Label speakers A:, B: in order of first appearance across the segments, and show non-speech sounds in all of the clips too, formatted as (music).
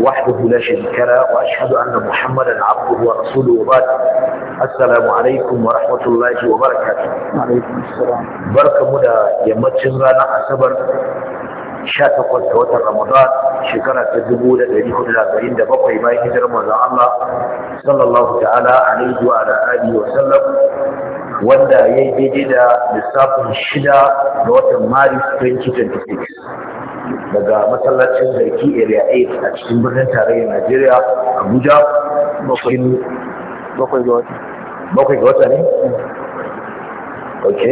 A: وحده لا شريك له واشهد ان محمدا عبده ورسوله وبعد السلام عليكم ورحمه الله وبركاته وعليكم السلام بركه مدى يمتشن رانا asabar 18 ga watan Ramadan shekara ta 1447 bayan hijirar manzon Allah sallallahu ta'ala alaihi wa ala alihi wa sallam wanda yayi daidai da lissafin shida ga watan Maris 2026 daga masallacin zarki area 8 a cikin birnin tarayyar najeriya abuja bakwai ga wata bakwai ga wata ne? ok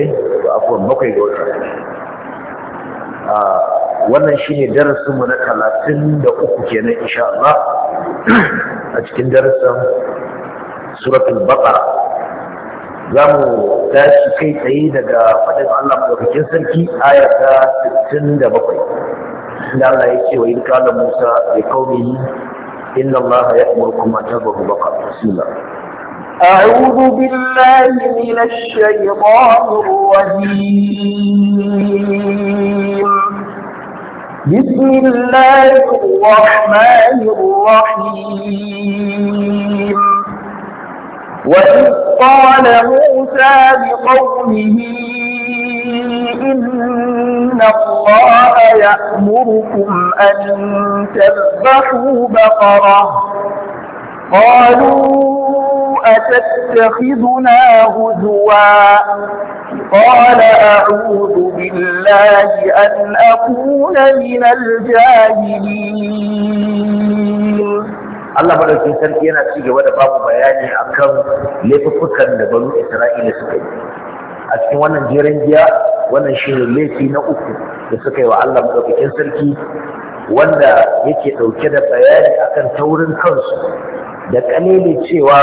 A: afuwan bakwai ga wata wannan shi ne darasinmu na talatin da uku kenan insha Allah a cikin darasin suratul baqara za mu tashi kai tsaye daga faɗin Allah maɗaukakin sarki aya ta 67 inda Allah ya ce wa in kala Musa bi qaumihi inna Allah ya'murukum an tadhbu baqara bismillah أعوذ
B: بالله من الشيطان الرجيم بسم الله الرحمن الرحيم وإذ قال موسى لقومه إن إن الله يأمركم أن تذبحوا بقرة قالوا أتتخذنا هزوا قال أعوذ بالله أن أكون من الجاهلين
A: الله بدل كنسان كينا تيجي ودى بابو بياني أكام لفقكا لبنو إسرائيل سكين a cikin wannan jerin giya wannan shirin laifi na uku da suka yi wa Allah maɗaukakin sarki wanda yake ɗauke da bayani akan taurin kansu da ƙalili cewa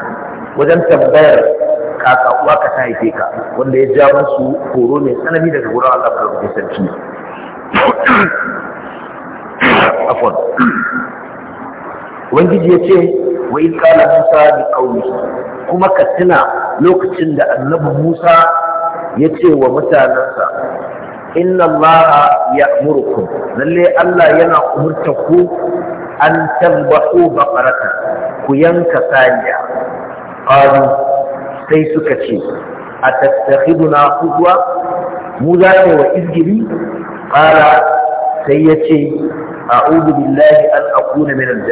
A: (clears throat) wajen tambayar kaka uwa ka ta haife ka wanda ya ja musu horo mai tsanani daga wurin Allah maɗaukakin sarki (clears throat) (clears throat) ubangiji ya ce wa in kala musa bi ƙauye. kuma ka tuna lokacin da annabi Musa ya ce wa mutanensa inna allaha ya'murukum lalle Allah yana umurta ku an tabbahu baqarata ku yanka saniya qalu sai suka ce A atattakhiduna huzwa mu za wa izgiri qala sai ya ce a'udhu billahi an akuna min al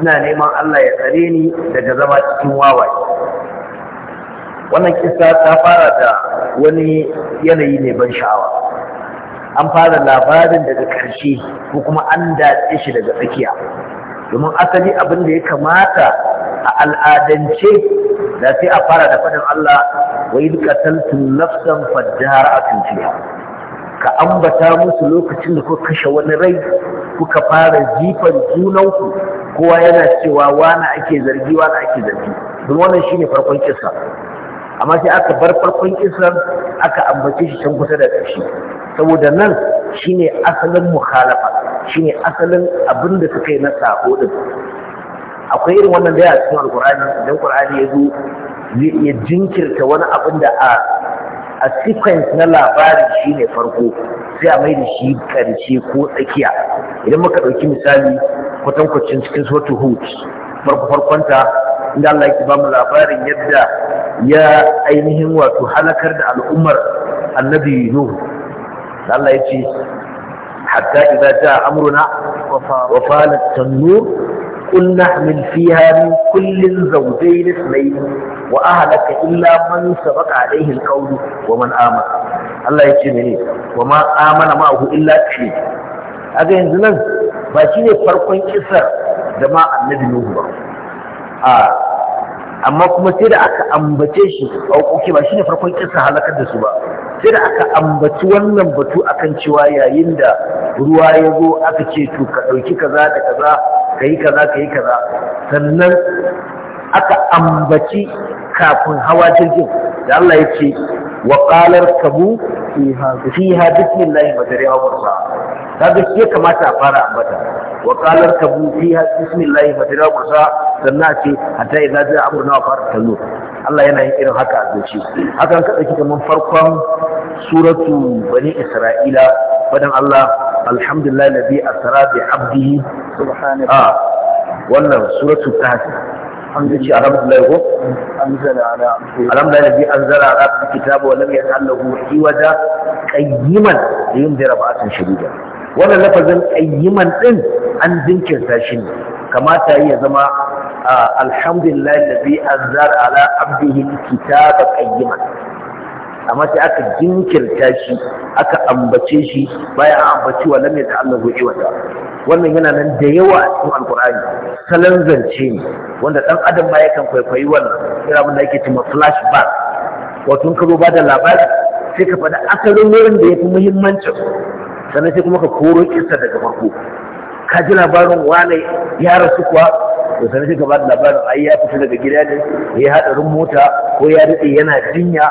A: ina neman Allah ya tsare ni daga zama cikin wawaye wannan kisa ta fara da wani yanayi ne ban sha'awa an fara labarin daga ƙarshe ko kuma an datse shi daga tsakiya domin asali abin da ya kamata a al'adance da sai a fara da faɗin Allah wa yi kataltun nafsan fadda har a ka ambata musu lokacin da kuka kashe wani rai kuka fara jifan junanku kowa yana cewa wani ake zargi wani ake zargi don wannan shine farkon kisa amma sai aka bar farkon kisan aka ambace shi can kusa da ƙarshe saboda nan shine asalin mukhalafa shine asalin abin da suka yi na sako din akwai irin wannan da ya cikin alkur'ani idan ƙurani ya zo ya jinkirta wani abin da a a sequence na labari shine farko sai a mai da shi karshe ko tsakiya idan muka ɗauki misali kwatankwacin cikin suratul hut farko farkonta inda Allah yake ba labarin yadda ya ainihin wato halakar da al'ummar annabi nuhu Allah ya ce hatta idza jaa amruna wa falat tanur قل نحمل فيها من كل زوجين اثنين وأهلك إلا من سبق عليه القول ومن آمن الله يتمني وما آمن معه إلا كشيء هذا ينزلن باشين فرقين كسر دماء النبي نوه آه amma kuma sai da aka ambace shi a hukunci ba shine farkon kisa halakar da su ba sai da aka ambaci wannan batu akan cewa yayin da ruwa ya zo aka ce to ka ɗauki kaza da kaza ka yi kaza ka yi kaza sannan aka ambaci kafin hawa jirgin da Allah ya ce Waƙalar اركبوا فيها فيها بسم الله مجريها ومرساها kaga gaske kamata a fara ambata Waƙalar qala rkabu fiha bismillahi fa tira musa sannan a ce a hatta idza a amruna wa fara tazo Allah yana yin irin haka a zuci hakan kaɗa dauki kaman farkon suratu bani isra'ila fadan Allah alhamdulillah alladhi asra bi abdihi subhanahu wannan suratu tahsin an ce alhamdulillah ko alhamdulillah da bi an zara a kitabu wa lam yasa lahu iwaja qayyiman da yin da rabatan shadida wannan lafazin qayyiman din an zinkirta shi ne kamata ya zama ah, alhamdulillah da bi an zara ala abdihi kitaba qayyiman amma sai aka jinkirta shi aka ambace shi bayan an ambaci wa lam yata'allahu iwata wannan yana nan da yawa a cikin alqur'ani salan zance ne wanda dan adam ba yakan kwaikwayi wannan irin abin da yake cewa flashback wato in ka zo bada labari sai ka faɗi asalin wurin da ya fi muhimmancin sannan sai kuma ka koro kisa daga farko ka ji labarin wane ya rasu kuwa to sai suka ba da labarin ai ya fita daga gida ne ya hadarin mota ko ya dade yana jinya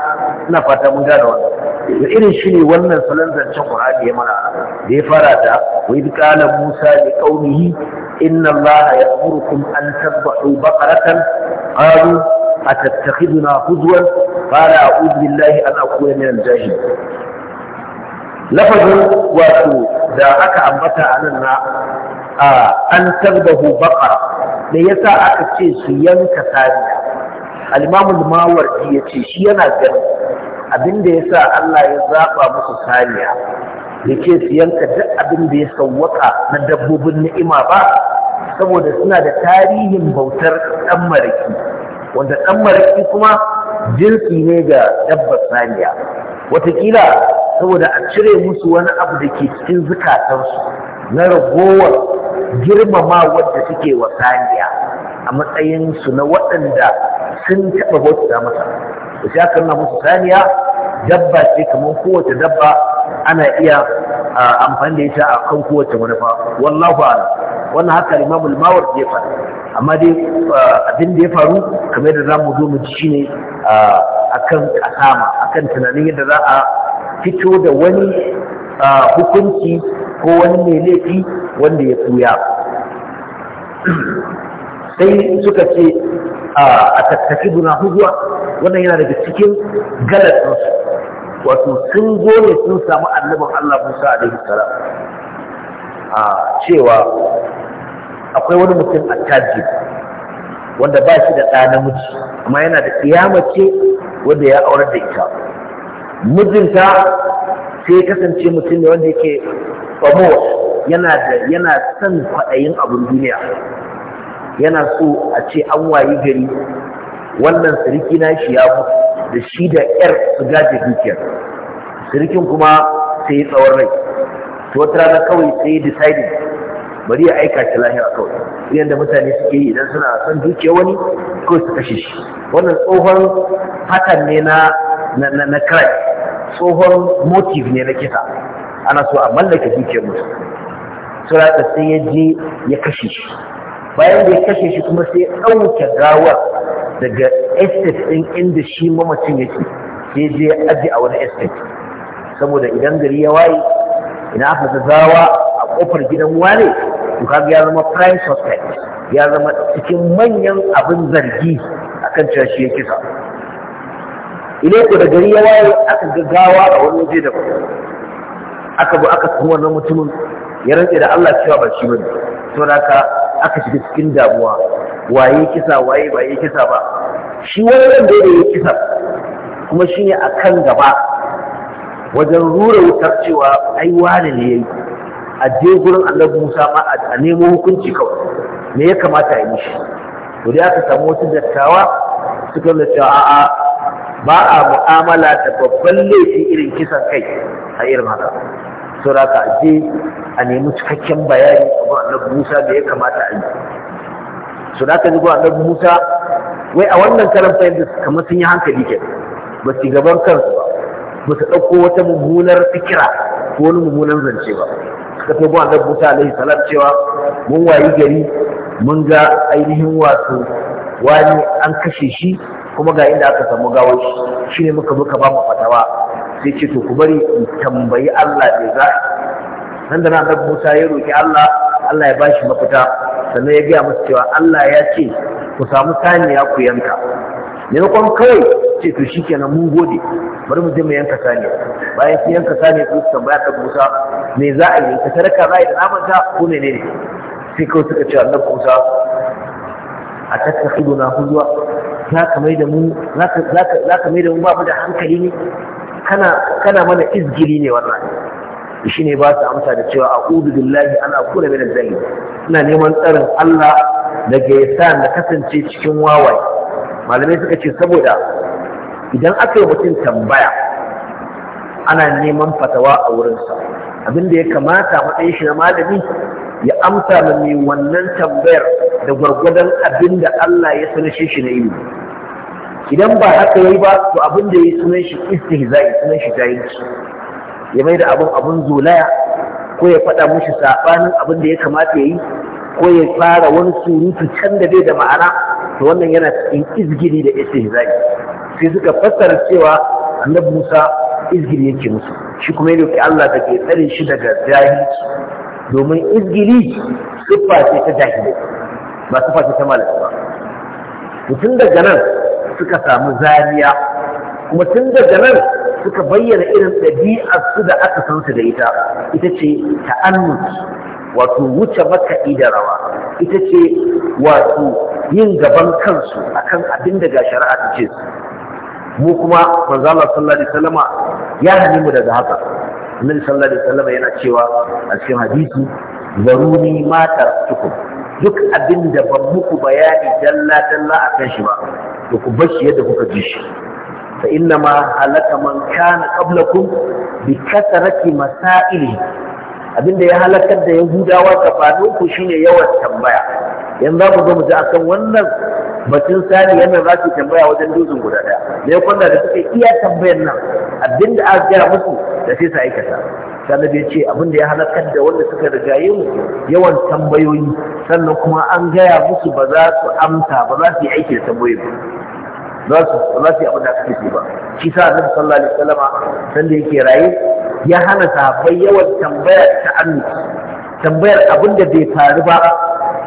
A: ina fata mun gane wannan to irin shi ne wannan salon zancen Qur'ani ya mana da ya fara da wa idh qala Musa li qaumihi inna Allaha ya'murukum an tadhbahu baqaratan qalu atattakhiduna huzwan qala a'udhu billahi an akuna min al-jahilin lafazin wato da aka ambata a nan na an tarbahu baqara da yasa aka ce su yanka sariya? al-imamu mawardi ya ce shi yana ganin abinda yasa Allah ya zaba musu saniya ya ce su yanka duk abin da ya sauwaka na dabbobin ni'ima ba saboda suna da tarihin bautar ɗan maraki wanda ɗan maraki kuma jinsi ne ga dabbar saniya watakila saboda a cire musu wani abu da ke cikin zukatansu na ragowar girmama wadda suke wa saniya a matsayin su na waɗanda sun taɓa bauta masa da shi aka nuna musu saniya dabba ce kamar kowace dabba ana iya amfani da ita a kan kowace manufa wallahu ala wannan haka limamul mawar ya faru amma dai abin da ya faru kamar da za mu zo mu ji shi ne a akan kasama kan tunanin yadda za a fito da wani hukunci ko wani mai laifi wanda ya tsuya sai suka ce a tattafi guna huzuwa wannan yana daga cikin galatinsu wato sun zo ne sun samu annabin Allah Musa daidai salam a cewa akwai wani mutum a tajib wanda ba shi da ɗa namiji amma yana da ƙiyamace wanda ya aurar da ita mijinta sai ya kasance mutum ne wanda yake famo yana da yana son kwaɗayin abin duniya yana so a ce an wayi gari wannan siriki na shi ya mutu da shi da yar su gaje dukiyar sirikin kuma sai tsawon rai to wata rana kawai sai disaidi bari ya aika shi lahira kawai yadda mutane suke yi idan suna son dukiya wani kawai su kashe shi wannan tsohon hakan ne na na na crime tsohon motif ne na kisa ana so a mallake dukiyar musu, surata sai ya je ya kashe shi bayan da ya kashe shi kuma sai ya ɗauke gawar daga estate ɗin inda shi mamacin ya ce, sai je ya aji a wani estate saboda idan gari ya waye ina aka ga a ƙofar gidan wane to kaga ya zama prime suspect ya zama cikin manyan abin zargi akan cewa shi ya kisa ile ku da gari ya waye aka gaggawa a wani waje da aka bu aka samu wannan mutumin ya rantse da Allah cewa ba shi bane to ka aka shiga cikin damuwa waye kisa waye ba yi kisa ba shi wani da ya kisa kuma shi ne a kan gaba wajen rura wutar cewa ai wani ne ya a je gurin Allah musa ma a nemo hukunci kawai me ya kamata a yi mishi to dai aka samu wata dattawa suka nuna a'a ba a mu'amala da babban laifi irin kisan kai a irin haka so da ka je a nemi cikakken bayani a annabi Musa da ya kamata a yi so da ka zuwa ga Musa wai a wannan karan fahimta kamar sun yi hankali ke ba su gaban kansu ba ba su ɗauko wata mummunar fikira ko wani mummunar zance ba suka tobo annabi Musa alaihi salam cewa mun wayi gari mun ga ainihin wato wani an kashe shi kuma ga inda aka samu gawar shi ne muka muka ba mu fatawa sai ce to ku bari in tambayi Allah da za nan da nan Musa ya roki Allah Allah ya bashi mafita sannan ya gaya musu cewa Allah ya ce ku samu saniya ku yanka maimakon kawai ce to shi kenan mun gode bari mu je mu yanka saniya bayan sun yanka saniya ko su tambaya ta Musa me za a yi ka tarka za a yi da namanta ko menene sai kawai suka ce Allah Musa a tattakhiduna huzwa za ka mai da mu ba mu da hankali ne kana mana izgili ne wannan shi ne ba su amsa da cewa a'udhu billahi ana kuna da zali ina neman tsarin Allah daga sa na kasance cikin wawai. malamai suka ce saboda idan aka yi mutum tambaya ana neman fatawa a wurinsa abinda ya kamata matsayin shi na malami ya amsa mai wannan tambayar da gwargwadon abin da Allah ya sanashe shi na ilimi idan ba haka yi ba to abin da ya sunan shi istihza'i sunan shi jahilci ya mai da abin abin zolaya ko ya faɗa mushi saɓanin abin da ya kamata ya yi ko ya fara wani surutu can da bai da ma'ana to wannan yana cikin izgiri da istihza'i sai suka fassara cewa annabi Musa izgiri yake musu shi kuma yake Allah da ke tsare shi daga jahilci domin izgiri siffa ce ta jahilai ba su ce ta malaka ba tun daga nan suka samu zariya kuma tun daga nan suka bayyana irin ɗabi'ar su da aka san su da ita ita ce ta'annut wato wuce makaɗi da rawa ita ce wato yin gaban kansu akan abin da ga shari'a ta ce su mu kuma manzo Allah sallallahu alaihi wasallama ya hani mu daga haka annabi sallallahu alaihi wasallama yana cewa a cikin hadisi zaruni matar tukum duk abin da ban muku bayani dalla dalla a kan shi ba to ku bar shi yadda kuka ji shi fa inna ma halaka man kana qablakum bi kasarati masaili abinda ya halakar da yahudawa gabanin ku shine yawan tambaya yanzu mu zo mu ji akan wannan batun sani yana za su tambaya wajen dozin guda daya me ya kwanda da suka iya tambayar nan abinda aka gaya musu da sai su aikata sai ya ce abinda ya halakar da wanda suka rigaye mu yawan tambayoyi sannan kuma an gaya musu ba za su amsa ba za su yi aiki da tambayoyi ba za su ba za su yi abin da aka ce ba shi sa annabi sallallahu alaihi wasallama sanda yake raye ya hana sahabbai yawan tambaya ta annu tambayar abin da bai faru ba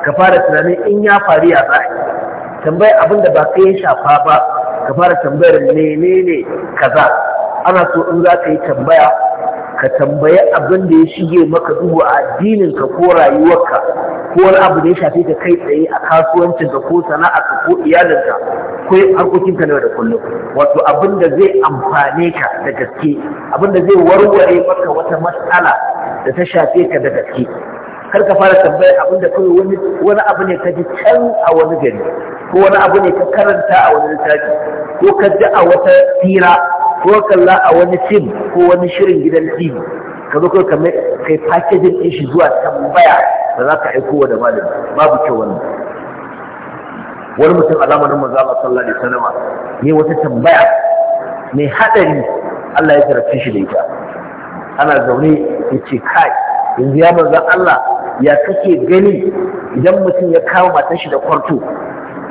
A: ka fara tunanin in ya faru ya za tambayar abin da ba kai ya shafa ba ka fara tambayar menene kaza ana so in za ka yi tambaya ka tambayi abin da ya shige maka duhu a addininka ko rayuwarka ko wani abu da ya shafe ka kai tsaye a kasuwancinka ko sana'arka ko iyalinka ko harkokinka na da kullum wato abin da zai amfane ka da gaske abin da zai warware maka wata matsala da ta shafe ka da gaske kar ka fara tambayar abin da kai wani wani abu ne ka ji can a wani gari ko wani abu ne ka karanta a wani littafi ko ka ji a wata fira ko kalla a wani fim ko wani shirin gidan tv ka zo kai kai packaging din shi zuwa tambaya da za ka aiko wa da malami babu kyau wannan wani mutum alamarin manzo Allah sallallahu alaihi wasallam ne wata tambaya mai hadari Allah ya tarafin shi da ita ana zaune ya ce kai yanzu ya manzo Allah ya kake gani idan mutum ya kawo matashi shi da kwarto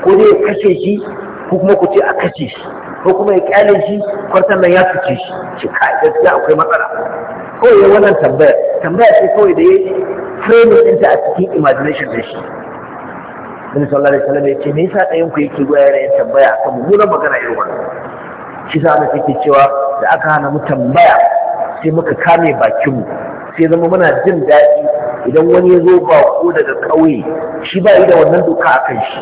A: ko dai ya kashe shi ko kuma ku ce a kace shi ko kuma ya kyale shi kwartan nan ya fice shi ce kai gaskiya akwai matsala kawai ya wannan tambaya tambaya ce kawai da ya frame ɗinta a cikin imagination da shi Nabi sallallahu alaihi wasallam ya ce me yasa ɗayan ku yake goya da yin tambaya kan mummunan magana irin wannan shi sa ana take cewa da aka hana mu tambaya sai muka kame bakin mu sai zama muna jin daɗi idan wani ya zo ba ko daga ƙauye shi ba yi da wannan doka a kan shi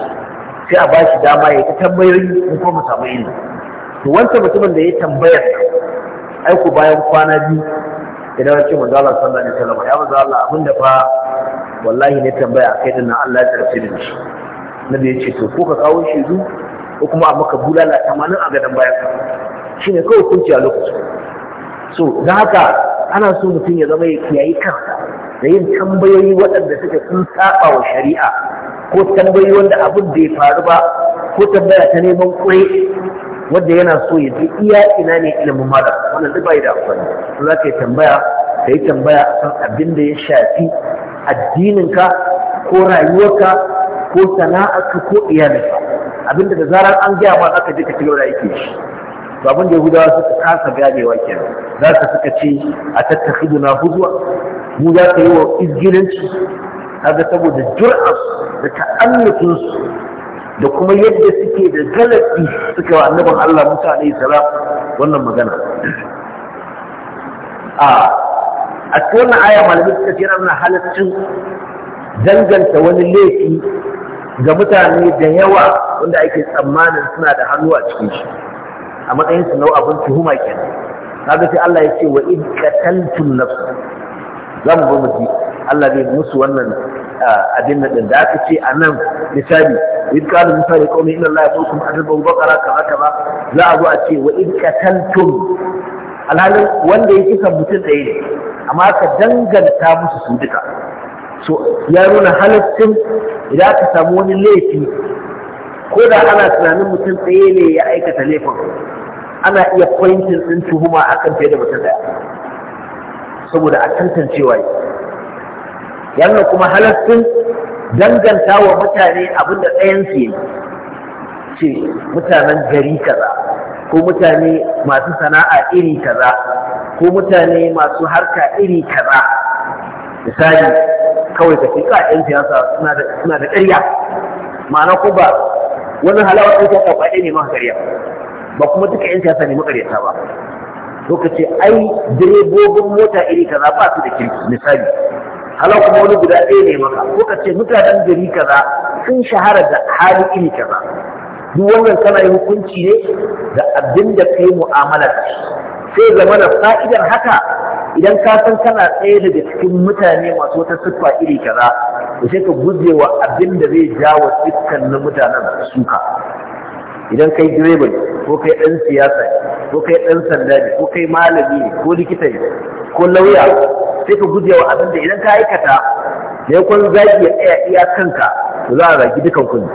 A: sai a ba shi dama ya ta tambayoyi in kuma mu samu ilimi to wancan mutumin da ya tambayar aiku bayan kwana biyu idan ce manzo Allah sallallahu alaihi wasallam ya manzo Allah da fa wallahi ne tambaya kai dinnan Allah ya tsare da shi nabi ya ce to ko ka kawo shi zu ko kuma a maka bulala tamanin a gadan bayan shine kawai kunci a lokacin so dan haka ana so mutum ya zama ya kiyayi kansa da yin tambayoyi waɗanda suke sun saba wa shari'a ko tambayi wanda abin bai faru ba ko tambaya ta neman kure wanda yana so ya ji iya ina ne ilimin malam wanda zai bai da akwai to za ka yi tambaya ka yi tambaya akan abin da ya shafi addininka ko rayuwarka ko sana'arka ko iyalinka abin da da zarar an gaya ma za ka je ka ci gaba da shi to abin da yahudawa suka kasa ganewa kenan za ka suka ce a na huzwa mu za ka yi wa izgilanci kaga saboda jur'ar da ta'allufin su da kuma yadda suke da galabi suka wa annabin Allah Musa alaihi salam wannan magana a a tona aya malamai suka ce na halaccin danganta wani laifi ga mutane da yawa wanda ake tsammanin suna da hannu a cikin shi a matsayin su nau abin tuhuma kenan kaga sai Allah ya ce wa id qataltum nafsan zamu ba mu Allah zai musu wannan ah, abin nan da aka ce a nan misali in da misali kawai inna Allah ya saukum azabu bakara kaza kaza za a zo a ce wa in qataltum alhalin wanda ya kisa mutum ɗaya ne amma ka danganta musu su duka so ya nuna halaccin idan aka samu wani laifi ko da ana tunanin mutum ɗaya ne ya aikata laifin ana iya pointin ɗin tuhuma akan fiye da mutum ɗaya saboda a tantancewa yana kuma halattun danganta wa mutane abin da yi ce mutanen gari kaza ko mutane masu sana'a iri kaza ko mutane masu harka iri kaza misali kawai ka ce ƙa'yan siyasa suna da ƙarya ma'ana ko ba wani halawar ɗan siyasa ba ne ma ƙarya ba kuma duka ƴan siyasa ne maƙaryata ba to ka ce ai direbobin mota iri kaza ba su da kirki misali halau kuma wani guda ɗaya ne maka ko ka ce mutanen gari kaza sun shahara da hali iri kaza duk wannan kana yi hukunci ne da abin da kai mu'amalar sai zama da fa'idar haka idan ka san kana tsaye daga cikin mutane masu wata siffa iri kaza to sai ka wa abin da zai jawo dukkan na mutanen suka idan kai direban, ne ko kai ɗan siyasa ne ko kai ɗan sanda ne ko kai malami ne ko likita ne ko lauya sai ka guje wa abin da idan ka aikata da ya kwan zaki ya tsaya iya kanka to za a zaki dukan ku ne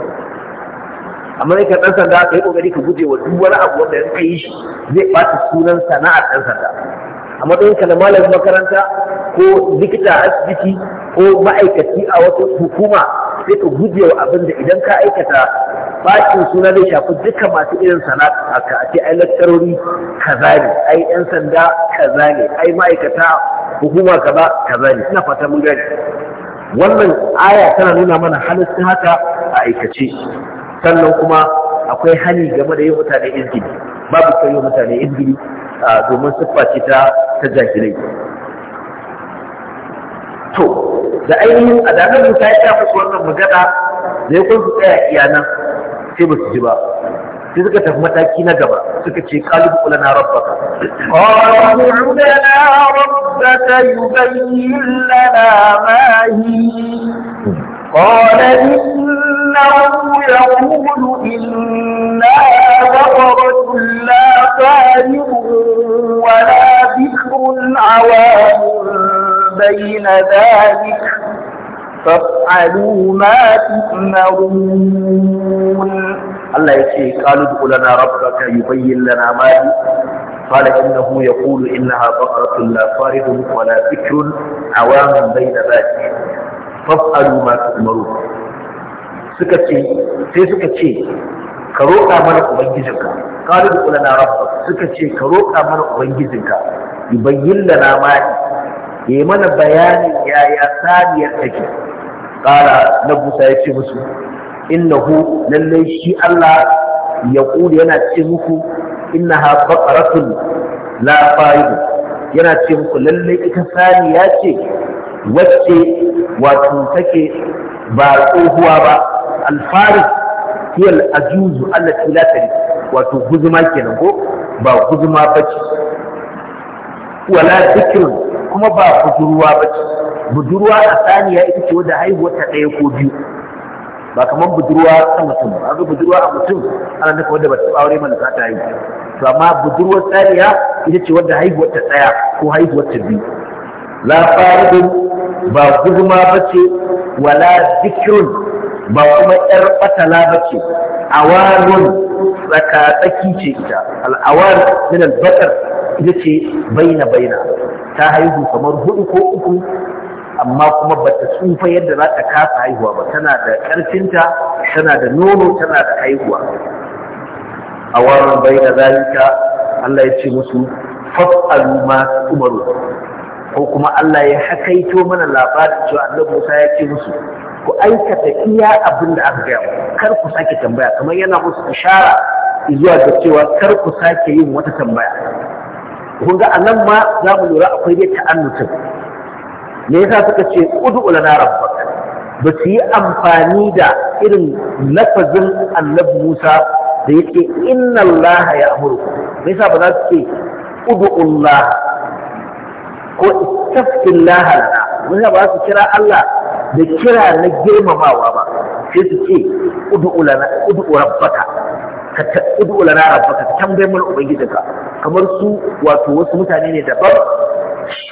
A: amma ne ka ɗan sanda ka yi ƙoƙari ka guje wa duk wani abu wanda ya yi shi zai ɓata sunan sana'ar ɗan sanda Amma matsayin ka da malamin makaranta ko likita asibiti ko ma'aikaci a wata hukuma sai ka guje wa abin idan ka aikata bakin suna zai shafi duka masu irin sana'a ka a ce ai lakcarori kaza ne ai yan sanda kaza ne ai ma'aikata hukuma kaza kaza ne ina fata mun gani wannan aya tana nuna mana halittun haka a aikace sannan kuma akwai hali game da yin mutane izgili babu kai yin mutane izgili domin siffa ta ta jahilai to da ainihin a danar musa ya kya musu wannan magana da ya kun su tsaya iyanan sai ba su ji ba sai suka tafi mataki na gaba suka ce kalibu kula na rabba. da rabbaka rabbana rabbaka
B: yubayyin lana ma hi قال إنه يقول إنها بقرة لا فارغ ولا bikin عوام بين ذلك
A: فافعلوا ما تؤمرون الله يكي قالوا ادعوا لنا ربك يبين لنا ما هي قال إنه يقول إنها بقرة لا فارض ولا فكر عوام بين ذلك فافعلوا ما تؤمرون سكتي سي سكتي ka roƙa mana ubangijinka qalu ulana rabbak suka ce ka roƙa mana ubangijinka yubayyin lana ma ya mana bayanin yaya saniyar take ƙara na busa ya ce musu innahu lallai shi Allah ya ƙuri yana ce muku innaha baqaratun la farid yana ce muku lallai ita saniya ce wacce wato take ba tsohuwa ba alfarid hiya ajuzu allati la tarif wato guzuma kenan ko ba guzuma bace
B: wala zikrun
A: kuma ba budurwa ba ce budurwa a saniya ita ce wadda haihuwa ta ɗaya ko biyu ba kamar budurwa a mutum ba ga budurwa a mutum ana nufa wadda ba ta aure mana za ta haihu to amma budurwar saniya ita ce wadda haihuwa ta ɗaya ko haihuwa ta biyu la faridun ba gudma ba ce wala zikirun ba kuma ƴar batala ba ce awarun tsaka tsaki ce ita al'awar min al-bakar ita ce baina baina ta haihu kamar hudu ko uku amma kuma ba ta tsufa yadda za ta kasa haihuwa ba tana da ƙarfinta tana da nono tana da haihuwa a warin baina zalika Allah ya ce musu fas'alu ma umaru ko kuma Allah ya hakaito mana labarin cewa Allah Musa ya ce musu ku aikata iya abin da aka gaya kar ku sake tambaya kamar yana musu ishara zuwa ga cewa kar ku sake yin wata tambaya kun ga anan ma za mu lura akwai dai ta'annutin me yasa suka ce ud'u ulana rabbak ba su yi amfani da irin lafazin annabi Musa da yake inna Allah ya amuru me yasa ba za su ce ud'u Allah ko istaftillah mun ba su kira Allah da kira na girmamawa ba sai su ce ud'u ulana ud'u rabbaka ka taɗudu lana rabbaka ka tambayi mana ka. kamar su wato wasu mutane ne daban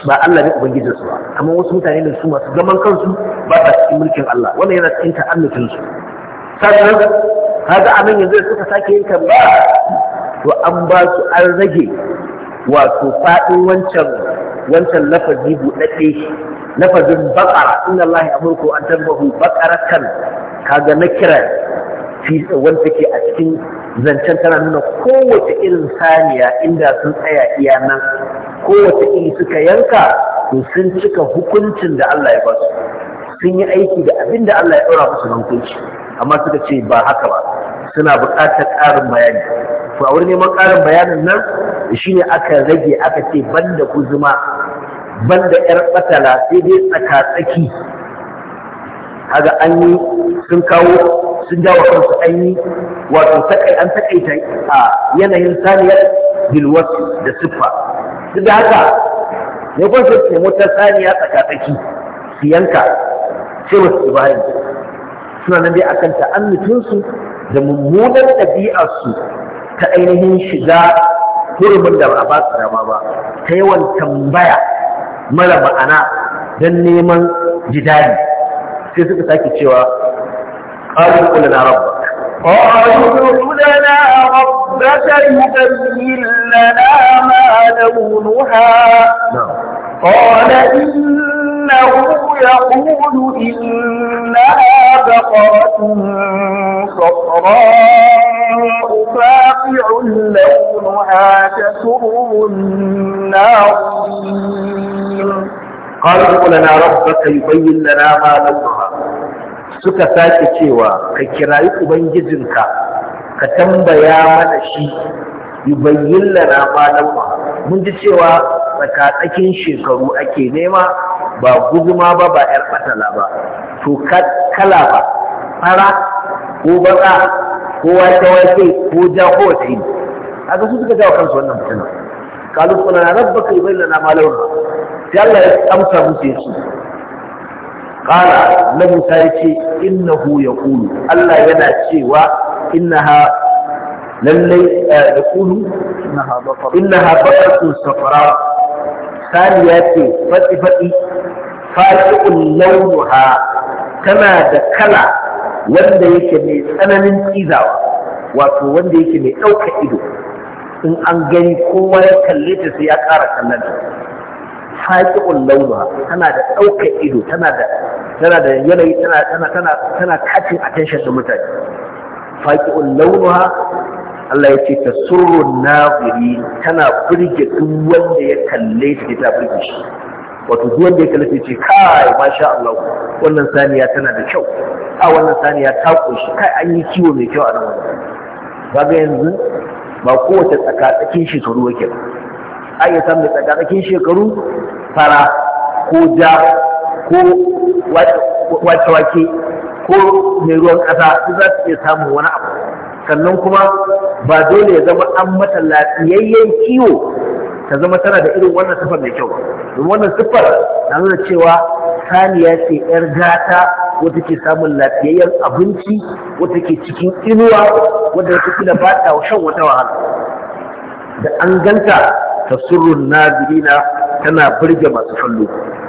A: ba Allah ne su ba kamar wasu mutane ne su masu zaman kansu ba ta cikin mulkin Allah wannan yana cikin ta'annutin su sannan kaga anan yanzu da suka sake yin ba? to an ba su an rage wato faɗin wancan wancan lafazi buɗaɗɗe lafazin baƙara inna Allah ya amurku an tambahu baƙarakan kaga na kira wanda take a cikin zancen tana nuna kowace irin saniya inda sun tsaya iya nan kowace iri suka yanka to sun cika hukuncin da Allah ya ba su sun yi aiki da abin da Allah ya ɗora musu nan hukunci amma suka ce ba haka ba suna buƙatar ƙarin bayani to a wurin neman ƙarin bayanin nan shi ne aka rage aka ce banda kuzuma banda ƴar batala sai dai tsaka-tsaki kaga an yi sun kawo sun jawo kansu an yi wato takai an takaita a yanayin saniyar bilwas da siffa duk da haka ne kwan su nemo ta saniya tsakatsaki su yanka sai wasu ibrahim suna nan dai akan ta'annutinsu da mummunan ɗabi'arsu ta ainihin shiga hurumin da ba ba su dama ba ta yawan tambaya mara ma'ana don neman jidali sai suka sake cewa qalu qulna rabbak قالوا
B: لنا ربك يبين لنا ما لونها قال إنه يقول إنها بقرة صفراء فاقع لونها تسر الناظرين قالوا ادع لنا ربك يبين
A: لنا ما لونها suka sake cewa ka kirayi ubangijinka ka tambaya mana shi yi bayyana yubayyin lana malamma mun ji cewa tsakatsakin shekaru ake nema ba guzuma ba ba yar batala ba to kala ba fara ko baka ko wake wake ko ja ko wata yi ga su suka jawo kansu wannan fitina kalu kuna rabbaka yubayyin lana malamma Yalla ya amsa musu ya ce na Musa ce innahu yaqulu Allah yana cewa innaha lallai eh, yaqulu innaha baqaratu safara saniya ce fati fati fati'un launuha tana da kala wanda yake mai tsananin tsizawa wato wanda yake mai ɗaukan ido in an gani kowa ya kalle ta sai ya ƙara kallon shaƙi'un launua tana da ɗaukar ido tana da yanayi tana tana tana tana kacin attention da mutane faƙi'un launuha Allah ya ce ta surrun nabiri tana burge duk wanda ya kalle shi ta burge shi wato duk wanda ya kalle shi ce kai masha Allah wannan saniya tana da kyau a wannan saniya ta koshi kai an yi kiwo mai kyau a nan wannan ga yanzu ba kowace tsaka tsakin shekaru ruwa ba a iya samun tsakanin shekaru fara ko ja ko wake ko mai ruwan ƙasa su za su iya samun wani abu sannan kuma ba dole ya zama an mata lafiyayyen kiwo ta zama tana da irin wannan siffar mai kyau domin wannan siffar na nuna cewa saniya ce yar gata wata ke samun lafiyayyen abinci wata ke cikin inuwa wadda wata kila ba ta shan wata wahala da an ganta تسر الناظرين كما فرج ما تفلو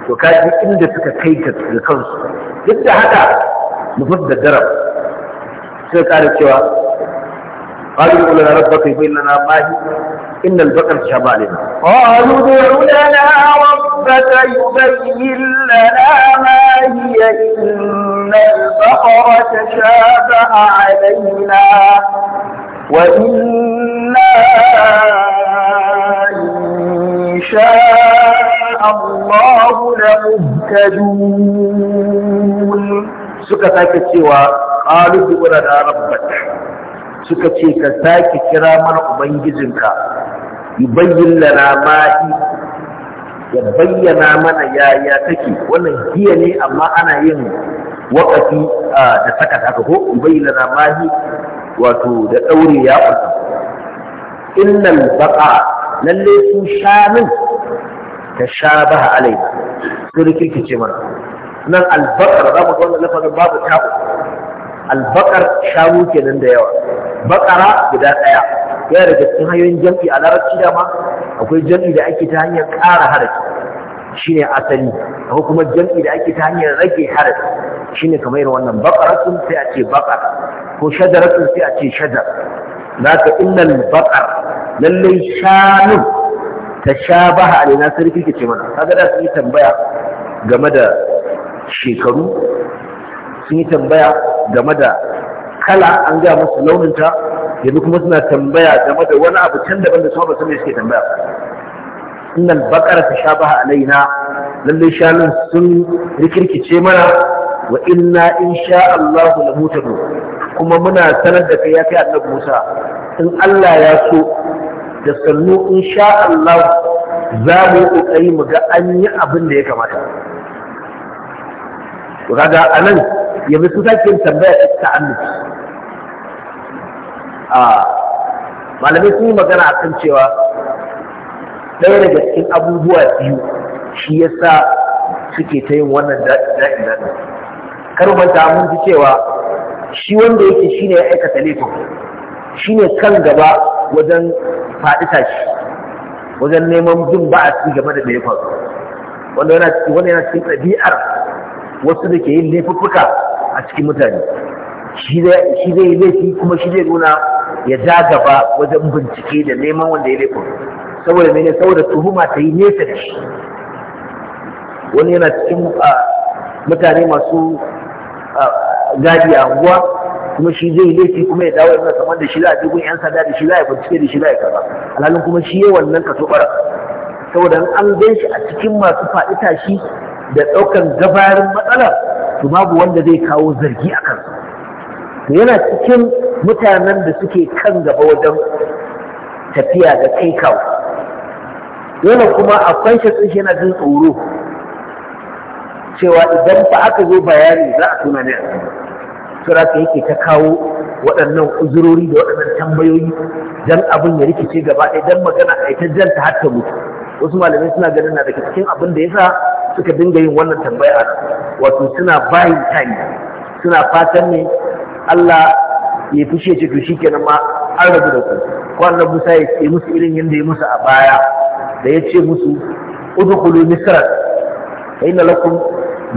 A: وكاجي عند تكيك الكنس جد هذا مفضل درب سيكاري كوا قالوا يقول لنا ربك بيننا ما إن البقر شبالنا
B: قالوا دعوا لنا ربك يبين لنا ما هي إن البقر تشابه علينا وإنا لمهتدون
A: suka sake cewa qalu bi urada rabbak suka ce ka sake kira mana ubangijinka yubayyin lana ma ya bayyana mana yaya take wannan hiya ne amma ana yin wakafi da saka haka ko yubayyin lana ma wato da daure ya kunta innal baqa lalle su shanin tashabaha alaina sai da kirkice mana nan albakar za mu ga wannan lafazin babu ta'u albakar shanu kenan da yawa bakara guda ɗaya yana daga cikin hanyoyin jam'i a larabci dama akwai jam'i da ake ta hanyar ƙara harafi shine asali akwai kuma jam'i da ake ta hanyar rage harafi shine kamar irin wannan baqaratun sai a ce baqar ko shajaratun sai a ce shajar zaka innal baqar lallai shanu ta sha baha a nina sarki ke ce mana kaga da sun yi tambaya game da shekaru sun yi tambaya game da kala an gaya musu launinta yanzu kuma suna tambaya game da wani abu can daban da su ba sun suke tambaya innal baqara ta sha baha alaina lallai shanun sun rikirkice mana wa inna sha allahu la mutadu kuma muna sanar da kai ya kai annabi Musa in Allah ya so da sannu sha Allah za mu yi kokari mu ga an yi abin da ya kamata to kaga anan yanzu su sake tambaya ta ta'alluki a malamai sun yi magana akan cewa ɗaya daga cikin abubuwa biyu shi sa suke ta yin wannan da'in da'in kar mun ji cewa shi wanda yake shine ya aikata laifin Shi ne kan gaba wajen faɗi tashi wajen neman jin ba a ci game da mai ya faru wanda yana cikin wani yana cikin ɗabi'ar wasu da ke yin laifuffuka a cikin mutane shi zai yi laifi kuma shi zai nuna ya ja gaba wajen bincike da neman wanda ya laifin saboda mene saboda tuhuma ta yi nesa da shi wani yana cikin ah, mutane masu ah, gadi a unguwa kuma shi zai laifi kuma ya dawo yana kamar da shi za a je gun yan sanda da shi za a bincike da shi za a karba alhalin kuma shi ya wannan kaso bara saboda an gan shi a cikin masu faɗi tashi da ɗaukan gabarin matsala to babu wanda zai kawo zargi a to yana cikin mutanen da suke kan gaba wajen tafiya da kai kawo yana kuma a kwanshe sun shi yana jin tsoro cewa idan ba aka zo bayani za a tunani a ka yake ta kawo waɗannan uzurori da waɗannan tambayoyi don abin ya rikice gaba ɗaya don magana a ita janta har ta mutu wasu malamai suna ganin na daga cikin abin da ya sa suka dinga yin wannan tambaya wato suna bayin tani suna fatan ne Allah ya fushe ce to shikenan ma an rabu da ku kwanan Musa ya ce musu irin yadda ya musu a baya da ya ce musu udkhulu misra fa inna lakum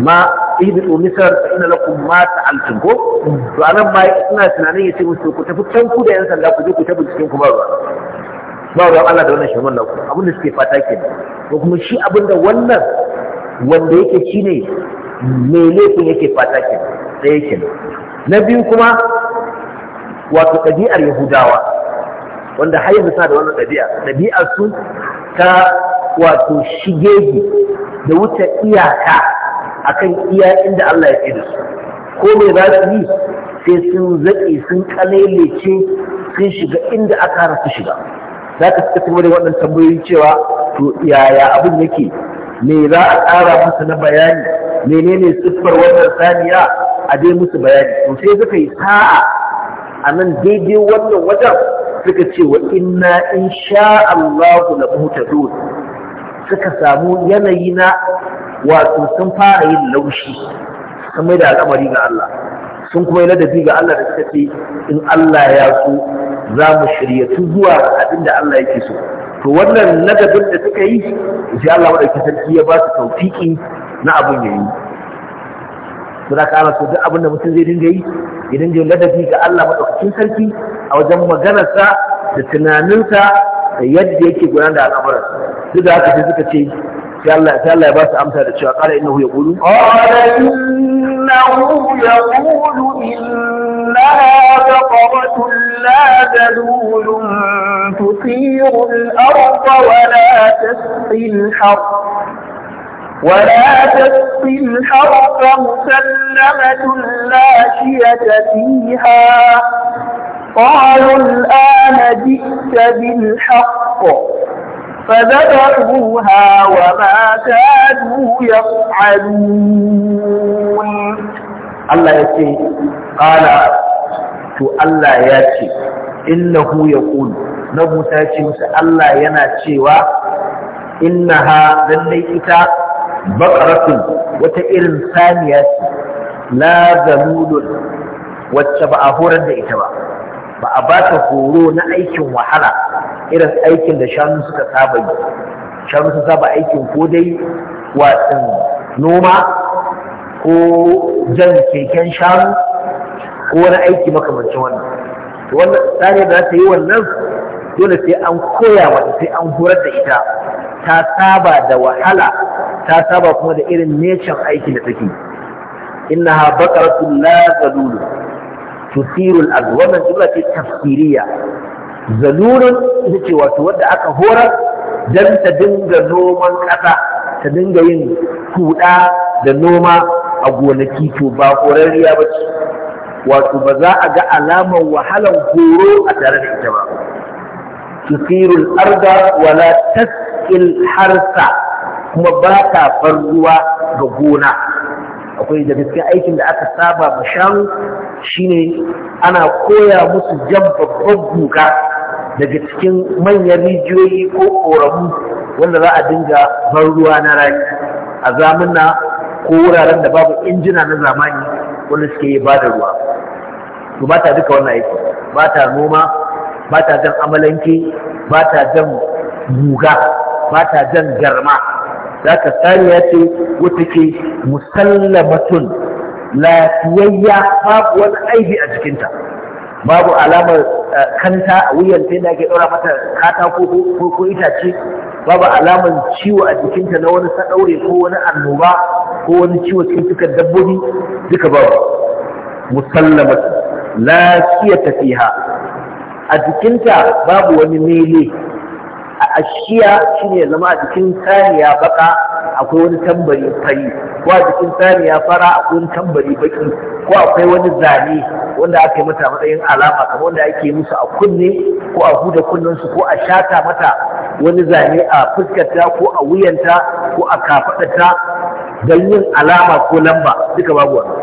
A: ma ihbitu misar fa ina lakum ma ta'altum ko to nan bai ina tunanin ce musu ku tafi can ku da yan sanda ku je ku tafi cikin ku ba ruwa ba ruwa Allah da wannan shirman naku abin da suke fata ke ko kuma shi abin da wannan wanda yake ne me laifin yake fata ke tsaye yake na biyu kuma wato ɗabi'ar yahudawa wanda har yanzu suna da wannan ɗabi'a ɗabi'ar su ta wato shigegi da wuce iyaka akan iya inda Allah ya tsere su ko me za su yi sai sun zaƙi sun kalelece sun shiga inda aka hana su shiga za ka suka tambaye waɗannan tambayoyi cewa to yaya abin yake me za a ƙara musu na bayani menene siffar wannan saniya a dai musu bayani to sai suka yi sa'a a nan daidai wannan wajen suka ce wa inna in sha Allahu la suka samu yanayi na wato sun fara yin laushi sun mai da al'amari ga Allah sun kuma yi ladabi ga Allah da suka ce in Allah ya so za mu shirya tun zuwa abin da Allah yake so to wannan ladabin da suka yi sai Allah madaukakin sarki ya ba su tawfiki na abin yayi yi. da ka so duk abin da mutum zai dinga yi ya dinga ladabi ga Allah madaukakin sarki a wajen maganarsa da tunaninsa yadda yake gudanar da al'amuran duk da haka sai suka ce sai Allah ya ba su amsa da cewa qala innahu yaqulu qala
B: innahu yaqulu innaha taqawatun la dalulun tusiru al-ardha wa la tasqi al-harth ولا تسقي الحرث مسلمة لا شية فيها قالوا الآن جئت بالحق فذبحوها وما كانوا يفعلون
A: الله يتي قال to Allah ya ce innahu yaqul na buta ce musu Allah yana cewa innaha lallai ita baqaratun wata irin saniya ce la zalulun wacce ba a horar da ita ba ba a ba ka horo na aikin wahala irin aikin da shanu suka saba yi shanu sun saba aikin ko dai watsin noma ko jan keken shanu ko wani aiki makamancin wannan wannan tsari da ta yi wannan dole sai an koya mata sai an horar da ita ta saba da wahala ta saba kuma da irin necin aikin da take innaha baqaratun la zalulu tusirul az wannan jumla ce tafsiriya zalurin ita ce wato wadda aka horar dan ta dinga noman ƙasa ta dinga yin kuɗa da noma a gonaki to ba horarriya ba ce wato ba za a ga alamar wahalan horo a tare da ita ba tusirul arda wala taskil harsa kuma ba ta ruwa ga gona akwai da gaske aikin da aka saba ma shanu shine ana koya musu jan babban guga daga cikin manyan rijiyoyi ko ƙoramu wanda za a dinga ban ruwa na rani a zamuna ko wuraren da babu injina na zamani wanda suke yi ba da ruwa to ba ta duka wannan aiki ba ta noma ba ta jan amalanke ba ta jan guga ba ta jan garma za ka saniya ce wata ke musallamatun lafiyayya babu wani aibi a jikinta babu alamar eh, kanta a ta yadda ake ɗaura mata katako ko itace babu alamar ciwo a jikinta na wani saɗaure ko wani annoba ko wani ciwo cikin cikin dabbobi duka babu musallamat Lafiyar fiha a jikinta babu wani mele a shiya shine ya zama a jikin saniya baka akwai wani tambari fari ko a jikin saniya fara akwai wani tambari baki ko akwai wani zane wanda aka yi mata matsayin alama kamar wanda ake musu a kunne ko a huda kunnensu ko a shata mata wani zane a fuskata, ko a wuyanta ko a kafaɗarta don yin alama ko lamba duka babu wannan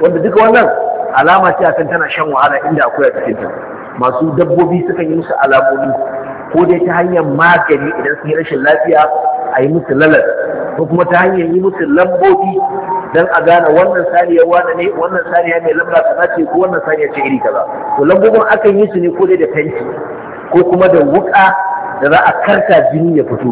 A: wanda duka wannan alama ce kan tana shan wahala inda akwai a cikinta masu dabbobi sukan yi musu alamomi ko dai ta hanyar magani idan sun yi rashin lafiya a yi musu lalar ko kuma ta hanyar yi musu lambobi don a gane wannan saniya wane ne wannan saniya mai lamba ta ce ko wannan saniya ce iri kaza to lambobin akan yi su ne ko dai da fenti ko kuma da wuka da za a karta jini ya fito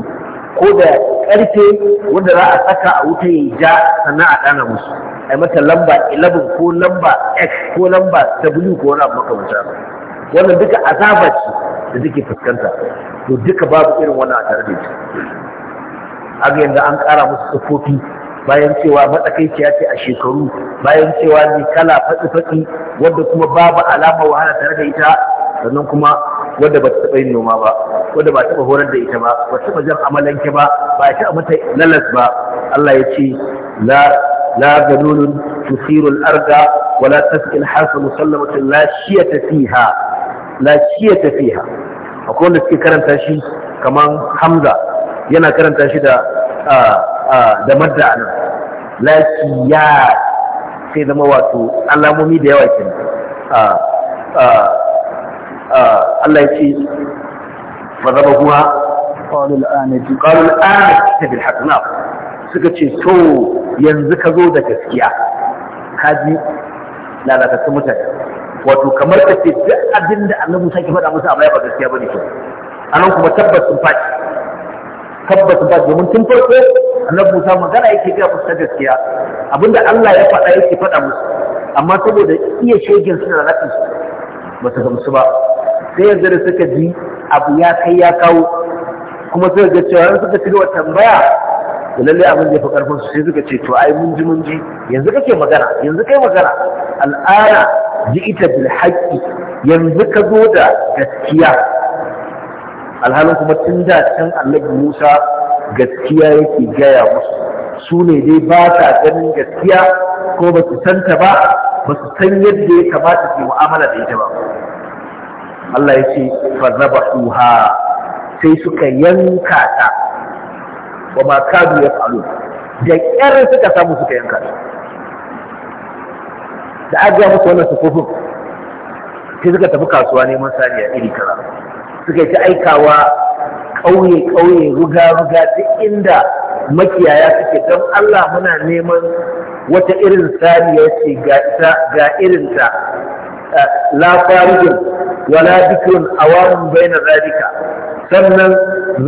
A: ko da karfe wanda za a saka a wuta ya ja sannan a ɗana musu a mata lamba 11 ko lamba x ko lamba w ko wani abu makamanta wannan duka azaba ce da duke fuskanta to duka babu irin wannan a tare da yanzu an ƙara musu sufofi bayan cewa ya ce a shekaru bayan cewa ne kala fatsi-fatsi wadda kuma babu alama wahala tare da ita sannan kuma wadda ba taɓa yin noma ba wadda ba taɓa horar da ita ba ba taɓa jan amalanke ba ba ta mata lalas ba Allah ya ce la la ganunun tusirul arda wala tasqil hasu musallamatun la shiyata fiha la shiyata fiha akwai wanda suke karanta shi kaman hamza yana karanta shi da da madda anan la shiyat sai zama wato alamomi da yawa kin Allah ya ce fadabahuha
B: qalu al-anati
A: qalu al-anati bil haqq suka ce to yanzu ka zo da gaskiya kaji lalatattun mutane wato kamar ka ce duk abin da Allah Musa ke faɗa musu a baya ba gaskiya bane to anan kuma tabbas sun faɗi tabbas sun faɗi domin tun farko Allah Musa magana yake ga musu ta gaskiya abinda Allah ya faɗa yake faɗa musu amma saboda iya shegin su da rakin su ba su gamsu ba sai yanzu da suka ji abu ya kai ya kawo kuma sai ga cewa suka ci wa tambaya da lalle abin da ya fi karfin su sai suka ce to ai mun ji mun ji yanzu kake magana yanzu kai magana al'ana ita bil haqqi yanzu ka zo da gaskiya alhalin kuma tun da can annabi Musa gaskiya yake gaya musu su ne dai ba ta ganin gaskiya ko ba su santa ba ba su san yadda ya kamata su mu'amala da ita ba Allah ya ce fa zabahuha sai suka yanka ta wa ma kadu ya falu da ƙyar suka samu suka yanka da ajiya musu wannan sufufin sai suka tafi kasuwa neman saniya iri kaza suka ci aikawa ƙauye ƙauye ruga ruga duk inda makiyaya suke don Allah muna neman wata irin saniya ce ga ita ga ta eh, la farijin wala dikrun awamun bayna zalika sannan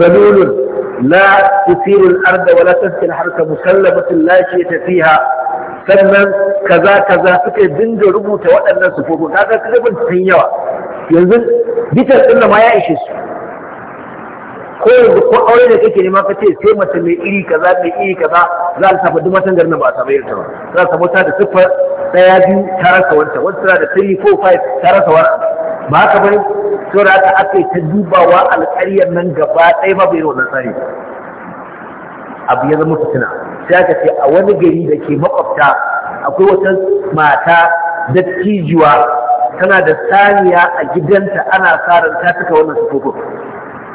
A: zalulun la tusiru al-arda wa la tasqi al-harka musallamatun la shay'a fiha sannan kaza kaza suka dinga rubuta waɗannan sufofin kaga kalmar sun yawa yanzu bitar din ma ya ishe su ko yanzu ko aure da kake nema kace sai mace mai iri kaza mai iri kaza za a tafi matan garin ba a samu irin ta ba za a samu ta da siffar daya biyu ta rasa wanta tana da 3 4 5 ta rasa wani ba haka bane to da aka aka ta dubawa alƙaryar nan gaba ɗaya ma bai yi wannan tsari abu ya zama fitina sai aka ce a wani gari da ke makwabta akwai wata mata dattijuwa tana da saniya a gidanta ana sa ta suka wannan sufofin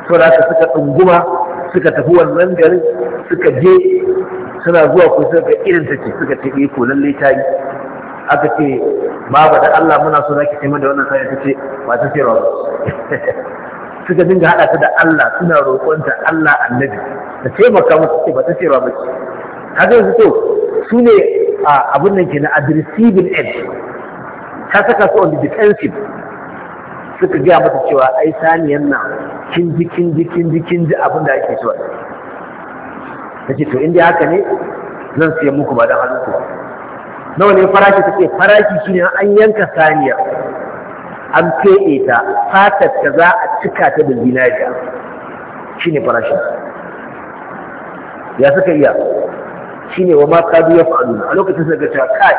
A: to da aka suka ɗunguma suka tafi wannan garin suka je suna zuwa ko ga irin ta ce suka ce eh, ko lallai ta yi aka ce ba ba da Allah muna so zaki taimaka da wannan sai ta ce ba ta ce rawa (laughs) suka dinga hada ta da Allah suna roƙonta Allah annabi ta taimaka musu ce ba ta ce rawa ce kaga su to su ne abin nan kenan na the end ta saka su on the defensive suka gaya mata cewa ai saniyan nan kin ji kin ji kin ji kin ji abin da ake cewa ta ce to in dai haka ne zan siya muku ba dan hannu. nawa ne farashi take farashi farashi shine an yanka saniya an fe'e ta fatar ta za a cika ta da zinariya ne farashi ya suka iya Shi ne wa ma kadu ya a lokacin suka ta kai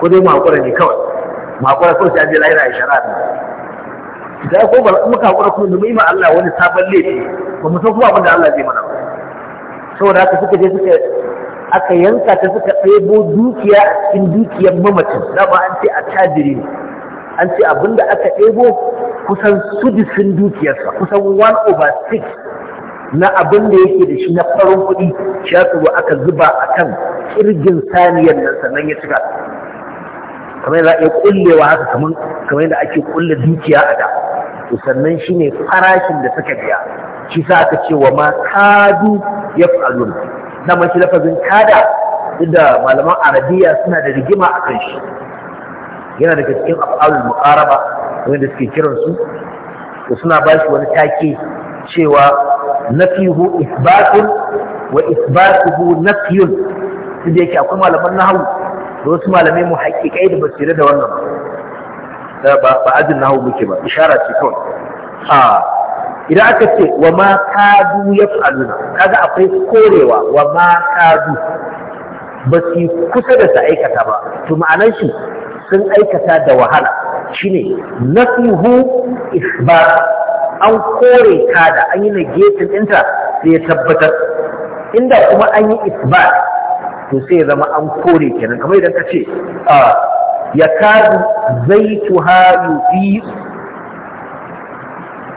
A: ko dai makura ne kawai makura kawai ta je lahira ya shara'a. da ko ba muka hakura kuma mu yi ma Allah wani sabon laifi ba mu san kuma abin da Allah zai mana ba saboda haka suka je suka aka yanka ta suka ɗebo dukiya a cikin dukiyar mamacin dama an ce a tajiri ne an ce abinda aka ɗebo kusan sudisin dukiyarsa kusan 1 over 6 na abin da yake da shi na farin kuɗi shi aka aka zuba a kan kirgin saniyar nan sannan ya cika kamar yadda ya kullewa haka kamar yadda ake kulle dukiya a da to sannan shine farashin da suka biya shi sa aka ce wa ma kadu ya fa'alun na shi lafazin kada inda malaman arabiya suna da rigima a kan shi yana daga cikin af'alul muqaraba wanda suke kiran su to suna ba shi wani take cewa nafihu isbatun wa isbatuhu su inda yake akwai malaman nahwu da wasu malamai mu haƙiƙai da basira da wannan ba ba ajin nahwu muke ba ishara ce kawai ah, idan aka ce wa ma kadu ya faluna kaga akwai korewa wa ma kadu ba su kusa da su aikata ba to ma'anar shi sun aikata da wahala shine nafihu isbar an kore kada an yi negatin ɗinta sai ya tabbatar inda kuma an yi isbar to sai ya zama an kore kenan kamar idan ka ce ah, ya kadu zaituha yufi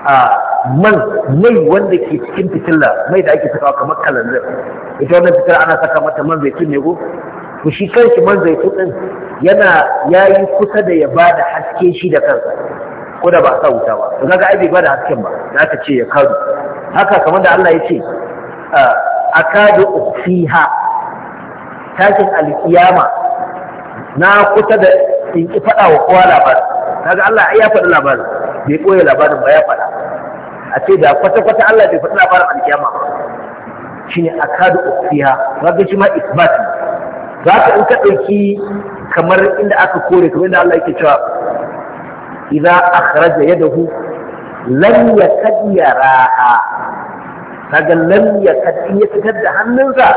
A: a ah, man mai wanda ke cikin fitila, mai da ake sakawa kamar kalanzir ita wannan fitilla ana saka mata man zaitun ne ko to shi kanshi man zaitun din yana yayi kusa da ya bada haske shi da kansa ko da ba sa wuta ba to kaga ai bai bada hasken ba da aka ce ya kadu haka kamar da Allah ya ce akadu fiha takin alkiyama na kusa da in ki fada wa kowa labarin kaga Allah ya faɗi labarin bai koya labarin ba ya faɗa a ce da kwata-kwata Allah bai faɗi labarin alkiyama ba shine akadu ukhfiha kaga shi ma isbat za ka in ka ɗauki kamar inda aka kore kamar inda Allah yake cewa idza ya dahu? lam yakad yaraha kaga lam yakad kadi ya fitar da hannunsa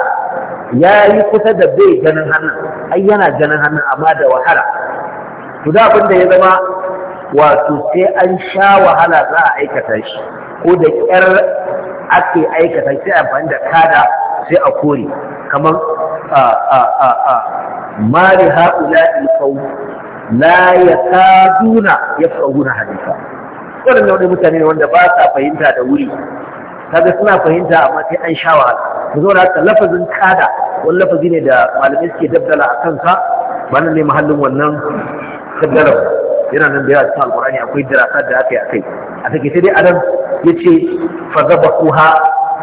A: ya yi kusa da bai ganin hannun ai yana ganin hannun amma da wahala
B: to da abin da ya zama
A: wato sai an sha wahala za a aikata shi ko da ƙyar ake aikata sai amfani da kada sai a kore kamar mari haɗula ilfau la ya kaduna ya fahuna hadisa waɗanda wani mutane wanda ba sa fahimta da wuri kaga suna fahimta amma sai an sha wahala ku zo da haka lafazin kada wani lafazi ne da malamai suke dabdala a kansa ba nan ne mahallin wannan dabdalar yana nan da yawa cikin alkurani akwai dirasar da aka yi akai a take sai dai adam ya ce fa zabaquha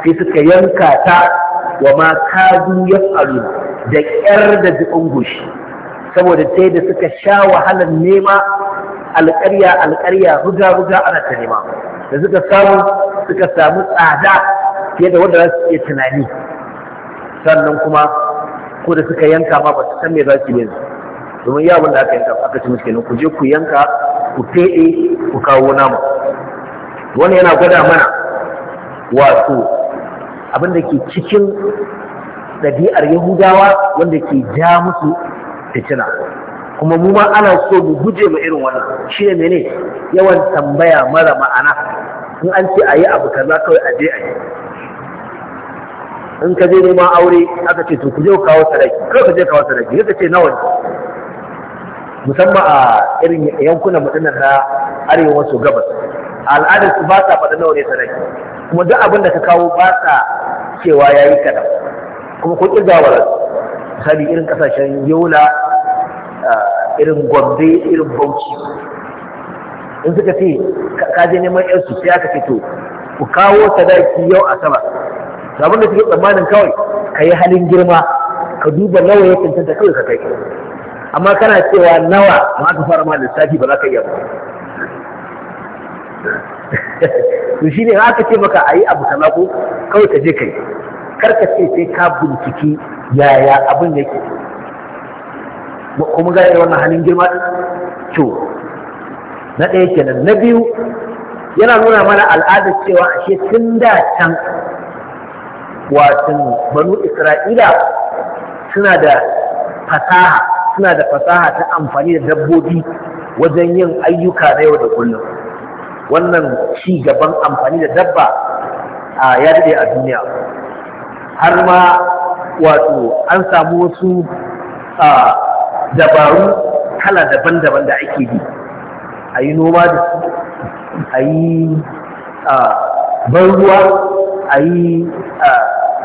A: sai suka yanka ta wa ma kadu yaf'alu da kyar da jikin goshi saboda sai da suka sha wahalar nema alƙarya alƙarya ruga ruga ana ta nema da suka samu suka samu tsada fiye da wanda za su iya tunani sannan kuma ko da suka yanka ma ba su san me za su yi yanzu domin ya abin da aka yanka aka ci miskinin ku je ku yanka ku fede ku kawo nama wani yana gwada mana wato abin da ke cikin ɗabi'ar yahudawa wanda ke ja musu fitina kuma mu ma ana so mu guje mu irin wannan shi ne mene yawan tambaya mara ma'ana in an ce a yi abu kaza kawai a je a yi in ka je neman aure aka ce to ku je ku kawo sadaki kawai ka je kawo sadaki ka ce nawa ne musamman a irin yankunan mutunan na arewa maso gabas al'adar su ba sa faɗa nawa ne sadaki kuma duk abin da ka kawo ba sa cewa ya yi kaɗan kuma ko ƙirga wa misali irin ƙasashen yola irin gombe irin bauchi in suka ce ka je neman yansu sai aka ka fito ku kawo sadaki yau a sama. abin da suke tsammanin kawai ka yi halin girma ka duba nawa ya cancanta kawai ka kai amma kana cewa nawa ma ka fara ma lissafi ba za ka iya ba to shine aka ce maka a yi abu kaza ko kawai ka je kai kar ka ce sai ka binciki yaya abin yake kuma ga wannan halin girma to na ɗaya kenan na biyu yana nuna mana al'adar cewa ashe tun da can watan banu isra'ila suna da fasaha suna da fasaha ta amfani da dabbobi wajen yin ayyuka na yau da kullum wannan ci gaban amfani da dabba a ya daɗe a duniya har ma wato an samu wasu dabaru kala daban-daban da ake bi a yi noma da su a yi ban ruwa a yi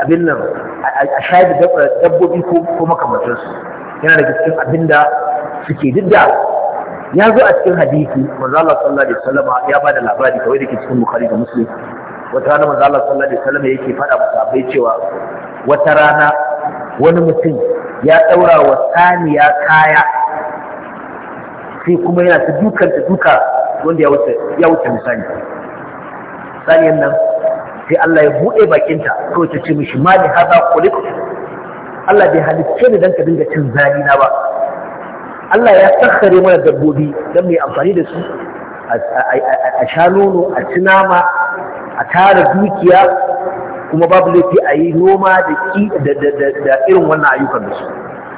A: abin nan a sha dabbobi ko makamantarsu yana da cikin abin da suke duk da ya zo a cikin hadisi manzo Allah sallallahu alaihi wasallam ya bada labari kawai da ke cikin Bukhari da Muslim wata rana manzo Allah sallallahu alaihi wasallam yake fada musabai cewa wata rana wani mutum ya daura wa saniya kaya sai kuma yana ta dukan ta duka wanda ya wuce ya wuce misali saniyan nan sai Allah ya buɗe bakinta kawai ta ce mishi ma da haza kuliktu Allah bai halitta ni dan ka dinga cin zali na ba Allah ya sakhare mana dabbobi dan mai amfani da su a sha nono a ci nama a tara dukiya kuma babu laifi a yi noma da irin wannan ayyukan da su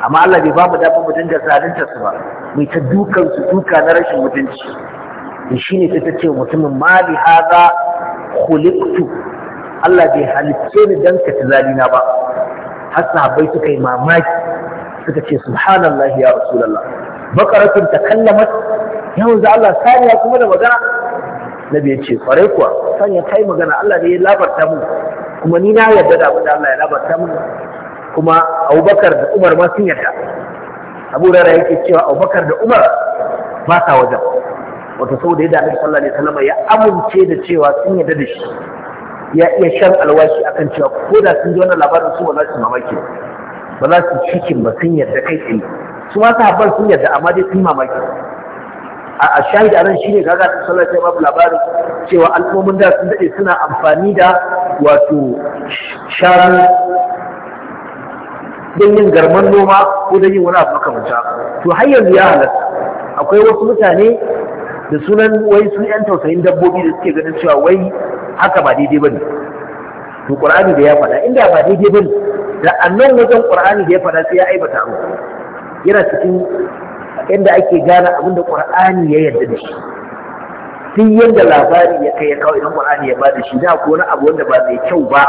A: amma Allah bai ba mu dafa mu dinga zalunta su ba mai ta dukan su duka na rashin mutunci shi ne ta ce mutumin mali haza khuliqtu Allah bai halitta ni dan ka ci zalina ba har sahabbai suka yi mamaki suka ce subhanallah ya rasulullah bakaratun ta kallamat Yawan wanzu Allah saniya kuma da magana nabi ya ce kwarai kuwa saniya ta yi magana Allah ne ya labarta mu kuma ni na yarda da abin da Allah ya labarta mu kuma Abubakar da Umar ma sun yarda Abu Rara yake cewa Abubakar da Umar ba sa wajen Wata sau wato saboda yadda Annabi sallallahu alaihi wasallam ya amince da cewa sun yarda da shi ya iya shan alwashi a kan cewa ko da sun ji wannan labarin su ba za su mamaki ba za su cikin ba sun yadda kai tsaye su ma sahabban sun yadda amma dai sun mamaki a a nan shine kaga ta sallar sai babu labarin cewa al'ummomin da sun dade suna amfani da wato shanu don yin garman noma ko don yin wani abu makamanta to har yanzu ya halatta akwai wasu mutane da sunan wai su yan tausayin dabbobi da suke ganin cewa wai haka ba daidai ba ne. to qur'ani da ya faɗa inda ba daidai ba ne. da annan wajen qur'ani da ya faɗa sai ya aibata abu yana cikin inda ake gane abin da qur'ani ya yarda da shi duk yanda labari ya kai ya kawo idan qur'ani ya ba da shi da ko wani abu wanda ba mai kyau ba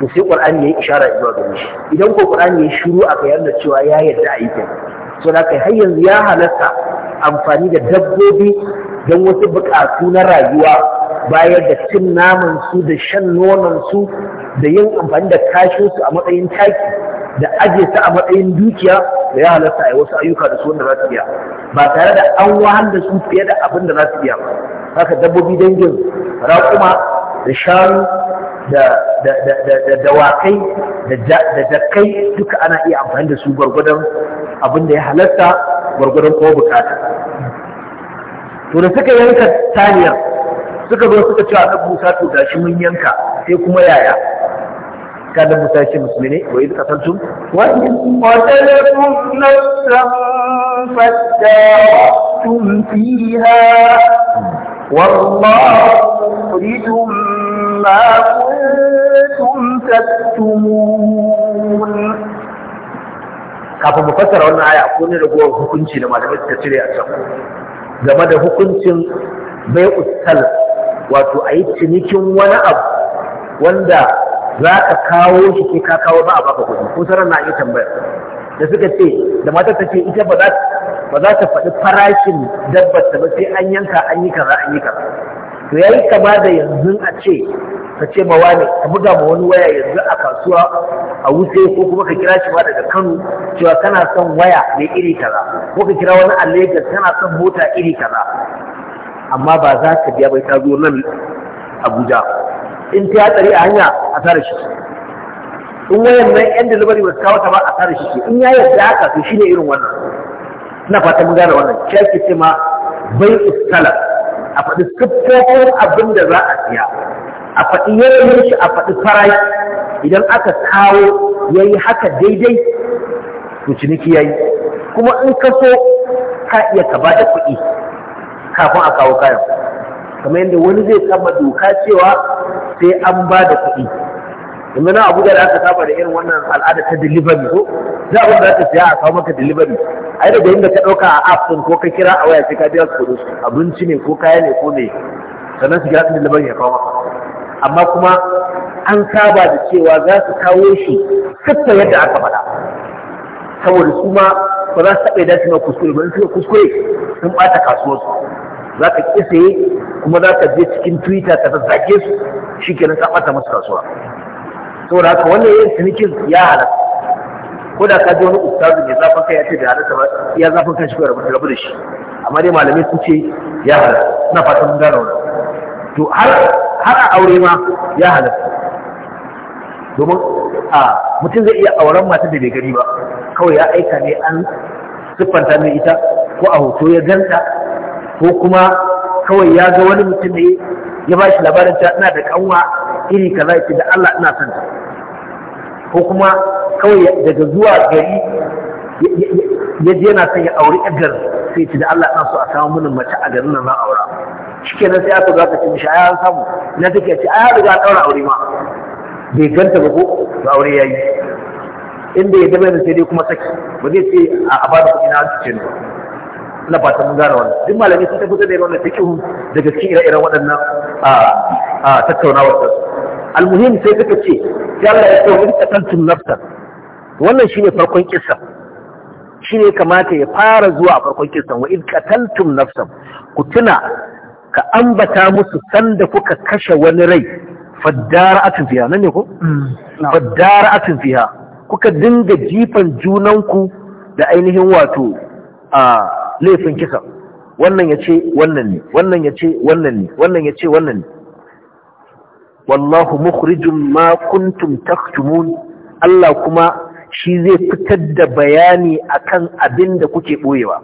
A: to sai qur'ani ya yi ishara zuwa gare shi idan ko qur'ani ya shiru a kai yana cewa ya yarda a yi ta so da kai har yanzu ya halatta amfani da dabbobi don wasu buƙatu na rayuwa bayar da cin naman su da shan nonon su da yin amfani da kashin su a matsayin taki da aje su a matsayin dukiya da ya halatta a wasu ayyuka da su wanda za su iya ba tare da an wahal da su fiye da abin da za su iya haka dabbobi dangin raƙuma da shanu da dawakai da jakai duka ana iya amfani da su gwargwadon abin da ya halatta gwargwadon kuma bukata to da suka yanka taniyar suka zo suka ce annabi Musa to gashi mun yanka sai kuma yaya ka موسى يشي مسلمين musulmi ne wai نفسا
B: فادارأتم فيها
A: kafin mu fassara wannan aya ko ne ragowar hukunci da malamai suka cire a can game da hukuncin bai ustal wato a yi cinikin wani abu wanda za ka kawo shi ke ka kawo ba a baka kuɗi ko sarar na iya tambayar da suka ce da matar ta ce ita ba za ta faɗi farashin dabbar ta ba sai an yanka an yi kaza an yi kaza to yayi kama da yanzu a ce ka ce ma wani ka buga ma wani waya yanzu a kasuwa a wuce ko kuma ka kira shi ma daga Kano cewa kana son waya mai iri kaza ko ka kira wani a Lagos kana son mota iri kaza amma ba za ka biya bai ta zo nan abuja in ta ya tsari a hanya a tare shi in wayan nan yan delivery ba su kawo ta ba a tare shi in ya yarda haka to shine irin wannan ina fata mun gane wannan shi ake ce ma bai ustala a faɗi siffofin abin da za a siya a faɗi yanayin shi a faɗi farai idan aka kawo ya yi haka daidai to ciniki ya yi kuma in ka so ka iya ka ba da kuɗi kafin a kawo kayan kamar yadda wani zai kama doka cewa sai an ba da kuɗi yanzu na abuja da aka saba da irin wannan al'ada ta delivery ko za a wanda aka siya a kawo maka delivery A yadda da inda ka ɗauka a app ko ka kira a waya sai ka biya su kuɗi abinci ne ko kaya ne ko ne sannan su kira su delivery ya kawo maka amma kuma an saba da cewa za su kawo shi sassa yadda aka faɗa saboda su ma ba za su taɓa yi dace na kuskure ba su kuskure sun ɓata kasuwarsu za ka kisaye kuma za ka je cikin twitter ka zage su shi ke ka ɓata masu kasuwa saboda haka wannan yin sinikin ya halatta ko da ka ji wani ustazu mai zafin kai ya ce da halatta ba ya zafin kan shi ko rabu da shi amma dai malamai sun ce ya halatta suna fatan mun gane wannan to har a aure ma ya halatta domin a mutum zai iya auren matar da bai gani ba kawai ya aika ne an siffanta mai ita ko a hoto ya ganta ko kuma kawai ya ga wani mutum ne ya ba shi labarin ta ina da kanwa iri kaza yake da Allah ina son ta ko kuma kawai daga zuwa gari ya je yana son ya auri gar sai ce da Allah ina so a samu mun mace a garin nan za aura shikenan sai aka zo aka ce mishi ai an samu na take ce ai riga daura aure ma bai ganta ba ko aure yayi Inda ya yadda bayanin sai dai kuma saki ba zai ce a ba da kuɗi na hannu ce ne ina ba ta mun gane wannan duk malami sun tabbatar da irin wannan fiqhu daga cikin ire-iren waɗannan a a tattaunawar ta almuhim sai suka ce sai Allah ya tsawo qataltum nafsan wannan shine farkon kissa shine kamata ya fara zuwa a farkon kissan wa id qataltum nafsan ku tuna ka ambata musu sanda kuka kashe wani rai faddara atin fiha nan ne ko mm. faddara atin fiha kuka dinga jifan junanku da ainihin wato a laifin kisa wannan ya ce wannan ne wannan ya ce wannan ne wannan ya ce wannan ne wallahu mukhrijum ma kuntum taktumun Allah kuma shi zai fitar da bayani akan abin da kuke boyewa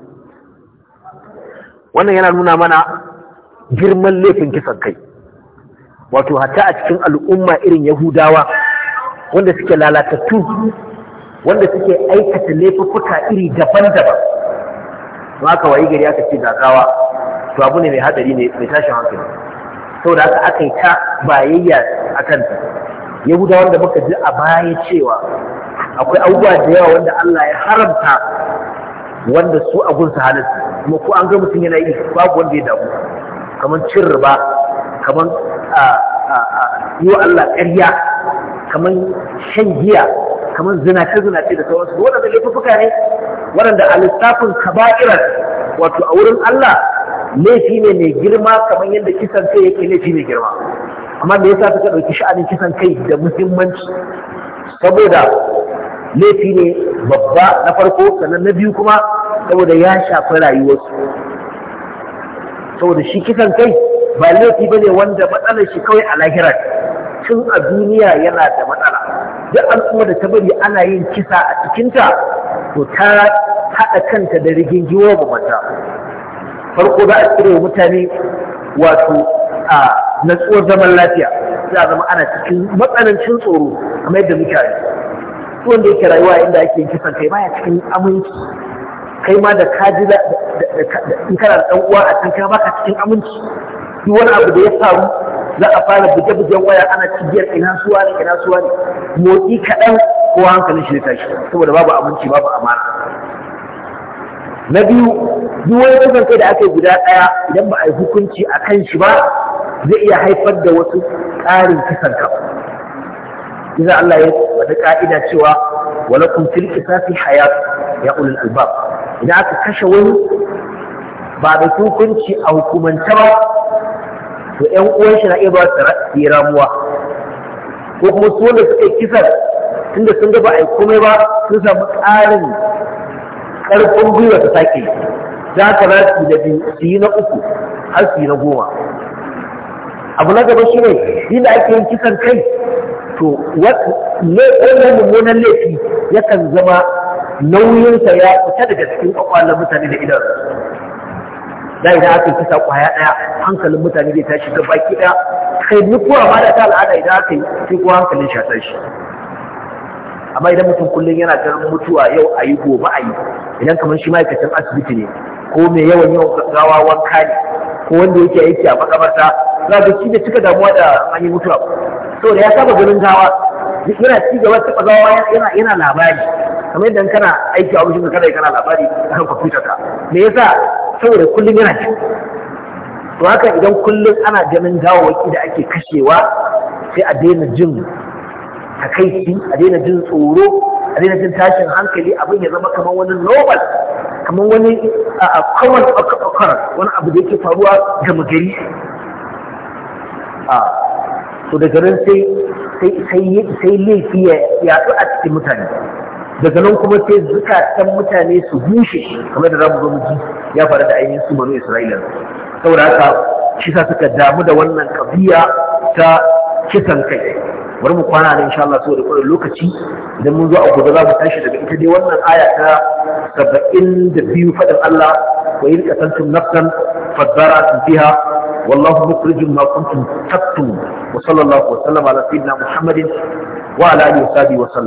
A: wannan yana nuna mana girman laifin kisan kai wato hata a cikin al'umma irin yahudawa wanda suke lalatattu wanda suke aikata laifuka iri daban-daban to haka wayi gari aka ce gagawa to abu ne mai hadari ne mai tashin hankali saboda haka aka yi ta bayayya a kanta yahuda wanda muka ji a baya cewa akwai abubuwa da yawa wanda Allah ya haramta wanda su a gunsa halittu kuma ko an ga mutum yana yi babu wanda ya damu kamar cin riba kamar yi wa Allah ƙarya kamar shan giya kamar zinace-zinace da sauransu waɗanda laifuka ne waɗanda a lissafin kabaira wato a wurin Allah laifi ne mai girma kamar yadda kisan kai yake laifi mai girma amma da yasa suka ɗauki sha'anin kisan kai da muhimmanci saboda laifi ne babba na farko sannan na biyu kuma saboda ya shafi rayuwarsu saboda shi kisan kai ba laifi bane wanda matsalar shi kawai a lahirar tun a duniya yana da matsala duk al'umma da ta bari ana yin kisa a cikinta to ta haɗa kanta da rigingiwa ba mata farko za a cire mutane wato a natsuwar zaman lafiya za a zama ana cikin matsanancin tsoro kamar yadda muke yanzu wanda yake rayuwa inda ake yin kisan kai ya cikin aminci kai ma da kaji da in kana da uwa a can ka cikin aminci duk wani abu da ya faru za a fara buge-bugen waya ana cigiyar ina suwa ne ina suwa ne motsi kaɗan ko hankalin shi ne tashi saboda babu abinci babu amana na biyu duk wani kisan kai da aka yi guda ɗaya idan ba a yi hukunci a kan shi ba zai iya haifar da wasu ƙarin kisan kan idan Allah ya wata ka'ida cewa walakum fil qisasi hayat ya ulul albab idan aka kashe wani ba da hukunci a hukumance ba to ƴan uwan shi na iya ba su yi ramuwa ko kuma su wanda suka yi kisan tunda sun ga ba a yi komai ba sun samu ƙarin ƙarfin gwiwa ta sake za ka za su na biyu, yi na uku har su yi na goma abu na gaba shi ne, shine da ake yin kisan kai to wannan mummunan laifi yakan zama
B: nauyinsa
A: ya fita daga cikin ƙwaƙwalar mutane da idan da idan aka kisa kwaya daya hankalin mutane zai tashi ga baki daya kai mutuwa ma da ta al'ada idan aka yi sai kuwa hankalin shi shi. amma idan mutum kullum yana ganin mutuwa yau a yi gobe a yi idan kamar shi ma'aikacin asibiti ne ko mai yawan yawan gawa wanka ne ko wanda yake aiki a makamarta za ka ci da cika damuwa da an yi mutuwa saboda ya saba ganin gawa yana ci gaba taɓa gawa yana labari kamar yadda kana aiki a wajen kana kana labari a kan kwamfuta ka me yasa saboda kullum yana ci to haka idan kullum ana ganin gawawaki da ake kashewa sai a daina jin takaici a daina jin tsoro a daina jin tashin hankali abin ya zama kamar wani normal kamar wani a common occurrence wani abu da yake faruwa gama gari a to da garin sai sai laifi ya yaɗu a cikin mutane daga nan kuma sai zukatan mutane su bushe kamar da zamu zo mu ji ya faru da ainihin su banu Isra'ila saboda haka shi sa suka damu da wannan kabiya ta kisan kai bari mu kwana ne insha Allah saboda kwarin lokaci idan mun zo a gobe za mu tashi daga ita dai wannan aya ta saba'in da biyu faɗin Allah wa yi rikatantum nafsan faddara fiha wallahu mukhrijum ma kuntum taktum wa sallallahu wa sallama ala sayyidina muhammadin wa ala alihi
C: wa sahbihi wa sallam